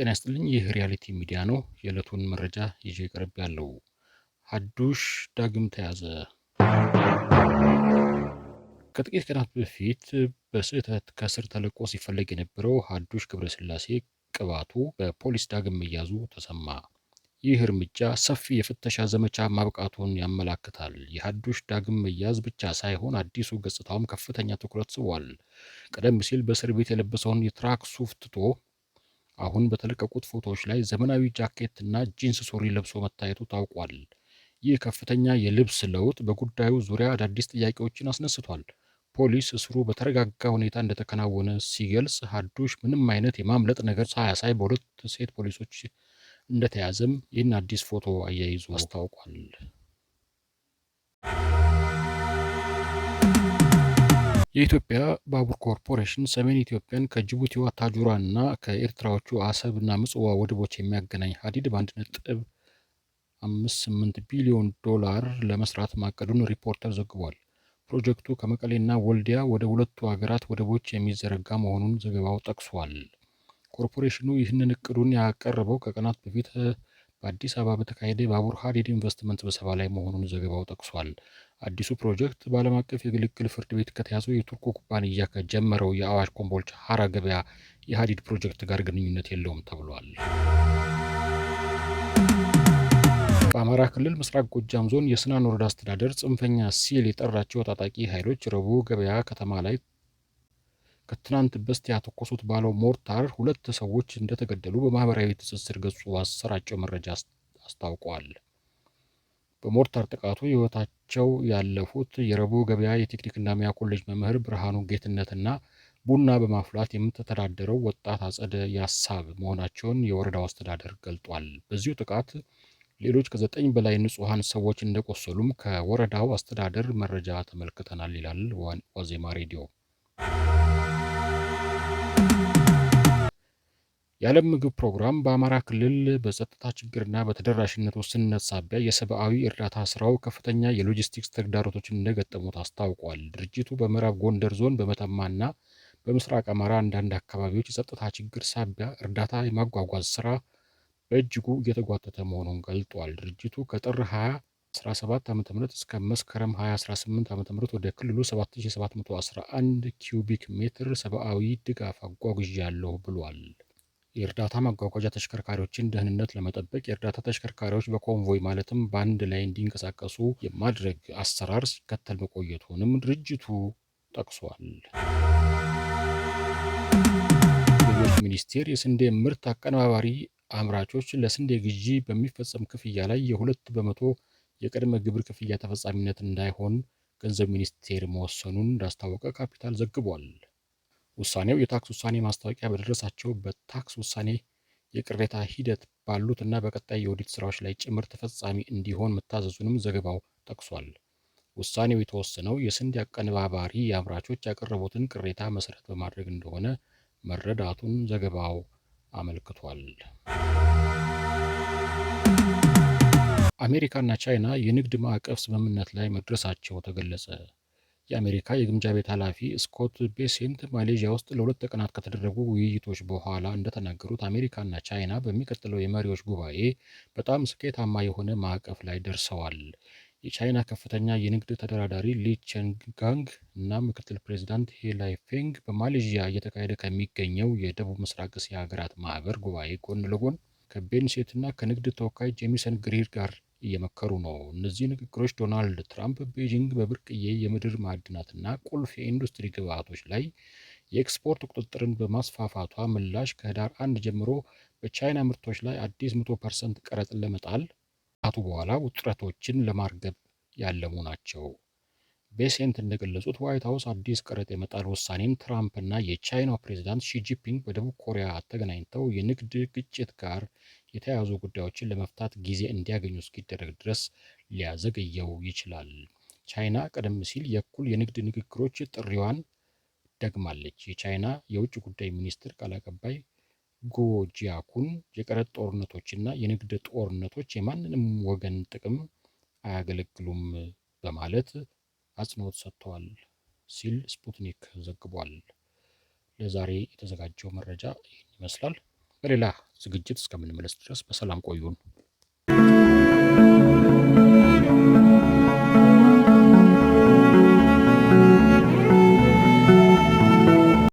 ጤና ይስጥልኝ። ይህ ሪያሊቲ ሚዲያ ነው። የዕለቱን መረጃ ይዤ ቀርብ ያለው ሀዱሽ ዳግም ተያዘ። ከጥቂት ቀናት በፊት በስህተት ከእስር ተለቆ ሲፈለግ የነበረው ሀዱሽ ገብረስላሴ ቅባቱ በፖሊስ ዳግም መያዙ ተሰማ። ይህ እርምጃ ሰፊ የፍተሻ ዘመቻ ማብቃቱን ያመላክታል። የሀዱሽ ዳግም መያዝ ብቻ ሳይሆን አዲሱ ገጽታውም ከፍተኛ ትኩረት ስቧል። ቀደም ሲል በእስር ቤት የለበሰውን የትራክ ሱፍ ትቶ አሁን በተለቀቁት ፎቶዎች ላይ ዘመናዊ ጃኬት እና ጂንስ ሱሪ ለብሶ መታየቱ ታውቋል። ይህ ከፍተኛ የልብስ ለውጥ በጉዳዩ ዙሪያ አዳዲስ ጥያቄዎችን አስነስቷል። ፖሊስ እስሩ በተረጋጋ ሁኔታ እንደተከናወነ ሲገልጽ፣ ሀዱሽ ምንም አይነት የማምለጥ ነገር ሳያሳይ በሁለት ሴት ፖሊሶች እንደተያዘም ይህን አዲስ ፎቶ አያይዞ አስታውቋል። የኢትዮጵያ ባቡር ኮርፖሬሽን ሰሜን ኢትዮጵያን ከጅቡቲዋ ታጁራ እና ከኤርትራዎቹ አሰብ እና ምጽዋ ወደቦች የሚያገናኝ ሀዲድ በአንድ ነጥብ አምስት ስምንት ቢሊዮን ዶላር ለመስራት ማቀዱን ሪፖርተር ዘግቧል። ፕሮጀክቱ ከመቀሌና ወልዲያ ወደ ሁለቱ ሀገራት ወደቦች የሚዘረጋ መሆኑን ዘገባው ጠቅሷል። ኮርፖሬሽኑ ይህንን እቅዱን ያቀረበው ከቀናት በፊት በአዲስ አበባ በተካሄደ የባቡር ሀዲድ ኢንቨስትመንት ስብሰባ ላይ መሆኑን ዘገባው ጠቅሷል። አዲሱ ፕሮጀክት በዓለም አቀፍ የግልግል ፍርድ ቤት ከተያዘው የቱርኩ ኩባንያ ከጀመረው የአዋሽ ኮምቦልቻ ሀራ ገበያ የሀዲድ ፕሮጀክት ጋር ግንኙነት የለውም ተብሏል። በአማራ ክልል ምስራቅ ጎጃም ዞን የስናን ወረዳ አስተዳደር ጽንፈኛ ሲል የጠራቸው ታጣቂ ኃይሎች ረቡዕ ገበያ ከተማ ላይ ከትናንት በስቲያ ተኮሱት ባለው ሞርታር ሁለት ሰዎች እንደተገደሉ በማህበራዊ ትስስር ገጹ ባሰራጨው መረጃ አስታውቋል። በሞርታር ጥቃቱ ህይወታቸው ያለፉት የረቡ ገበያ የቴክኒክና ሙያ ኮሌጅ መምህር ብርሃኑ ጌትነትና ቡና በማፍላት የምትተዳደረው ወጣት አጸደ ያሳብ መሆናቸውን የወረዳው አስተዳደር ገልጧል። በዚሁ ጥቃት ሌሎች ከዘጠኝ በላይ ንጹሐን ሰዎች እንደቆሰሉም ከወረዳው አስተዳደር መረጃ ተመልክተናል ይላል ዋዜማ ሬዲዮ። የዓለም ምግብ ፕሮግራም በአማራ ክልል በጸጥታ ችግርና በተደራሽነት ውስንነት ሳቢያ የሰብአዊ እርዳታ ስራው ከፍተኛ የሎጂስቲክስ ተግዳሮቶችን እንደገጠሙት አስታውቋል። ድርጅቱ በምዕራብ ጎንደር ዞን በመተማና በምስራቅ አማራ አንዳንድ አካባቢዎች የጸጥታ ችግር ሳቢያ እርዳታ የማጓጓዝ ስራ በእጅጉ እየተጓተተ መሆኑን ገልጧል። ድርጅቱ ከጥር 2017 ዓ ም እስከ መስከረም 2018 ዓ ም ወደ ክልሉ 7711 ኪዩቢክ ሜትር ሰብአዊ ድጋፍ አጓጉዣለሁ ብሏል። የእርዳታ ማጓጓዣ ተሽከርካሪዎችን ደህንነት ለመጠበቅ የእርዳታ ተሽከርካሪዎች በኮንቮይ ማለትም በአንድ ላይ እንዲንቀሳቀሱ የማድረግ አሰራር ሲከተል መቆየቱንም ድርጅቱ ጠቅሷል። ገቢዎች ሚኒስቴር የስንዴ ምርት አቀነባባሪ አምራቾች ለስንዴ ግዢ በሚፈጸም ክፍያ ላይ የሁለት በመቶ የቅድመ ግብር ክፍያ ተፈጻሚነት እንዳይሆን ገንዘብ ሚኒስቴር መወሰኑን እንዳስታወቀ ካፒታል ዘግቧል። ውሳኔው የታክስ ውሳኔ ማስታወቂያ በደረሳቸው በታክስ ውሳኔ የቅሬታ ሂደት ባሉት እና በቀጣይ የኦዲት ስራዎች ላይ ጭምር ተፈጻሚ እንዲሆን መታዘዙንም ዘገባው ጠቅሷል። ውሳኔው የተወሰነው የስንዴ አቀነባባሪ የአምራቾች ያቀረቡትን ቅሬታ መሰረት በማድረግ እንደሆነ መረዳቱን ዘገባው አመልክቷል። አሜሪካና ቻይና የንግድ ማዕቀፍ ስምምነት ላይ መድረሳቸው ተገለጸ። የአሜሪካ የግምጃ ቤት ኃላፊ ስኮት ቤሴንት ማሌዥያ ውስጥ ለሁለት ቀናት ከተደረጉ ውይይቶች በኋላ እንደተናገሩት አሜሪካና ቻይና በሚቀጥለው የመሪዎች ጉባኤ በጣም ስኬታማ የሆነ ማዕቀፍ ላይ ደርሰዋል። የቻይና ከፍተኛ የንግድ ተደራዳሪ ሊ ቸንጋንግ እና ምክትል ፕሬዚዳንት ሄላይ ፌንግ በማሌዥያ እየተካሄደ ከሚገኘው የደቡብ ምስራቅ እስያ ሀገራት ማህበር ጉባኤ ጎን ለጎን ከቤንሴት እና ከንግድ ተወካይ ጄሚሰን ግሪር ጋር እየመከሩ ነው። እነዚህ ንግግሮች ዶናልድ ትራምፕ ቤጂንግ በብርቅዬ የምድር ማዕድናትና ቁልፍ የኢንዱስትሪ ግብዓቶች ላይ የኤክስፖርት ቁጥጥርን በማስፋፋቷ ምላሽ ከህዳር አንድ ጀምሮ በቻይና ምርቶች ላይ አዲስ መቶ ፐርሰንት ቀረጥን ለመጣል ቱ በኋላ ውጥረቶችን ለማርገብ ያለሙ ናቸው። ቤሴንት እንደገለጹት ዋይት ሀውስ አዲስ ቀረጥ የመጣል ውሳኔን እና የቻይና ፕሬዚዳንት ሺጂፒንግ በደቡብ ኮሪያ ተገናኝተው የንግድ ግጭት ጋር የተያያዙ ጉዳዮችን ለመፍታት ጊዜ እንዲያገኙ እስኪደረግ ድረስ ሊያዘገየው ይችላል። ቻይና ቀደም ሲል የእኩል የንግድ ንግግሮች ጥሪዋን ደግማለች። የቻይና የውጭ ጉዳይ ሚኒስትር ቃል አቀባይ ጎጂያኩን የቀረጥ ጦርነቶችና የንግድ ጦርነቶች የማንንም ወገን ጥቅም አያገለግሉም በማለት አጽንኦት ሰጥተዋል ሲል ስፑትኒክ ዘግቧል። ለዛሬ የተዘጋጀው መረጃ ይህን ይመስላል። በሌላ ዝግጅት እስከምንመለስ ድረስ በሰላም ቆዩን።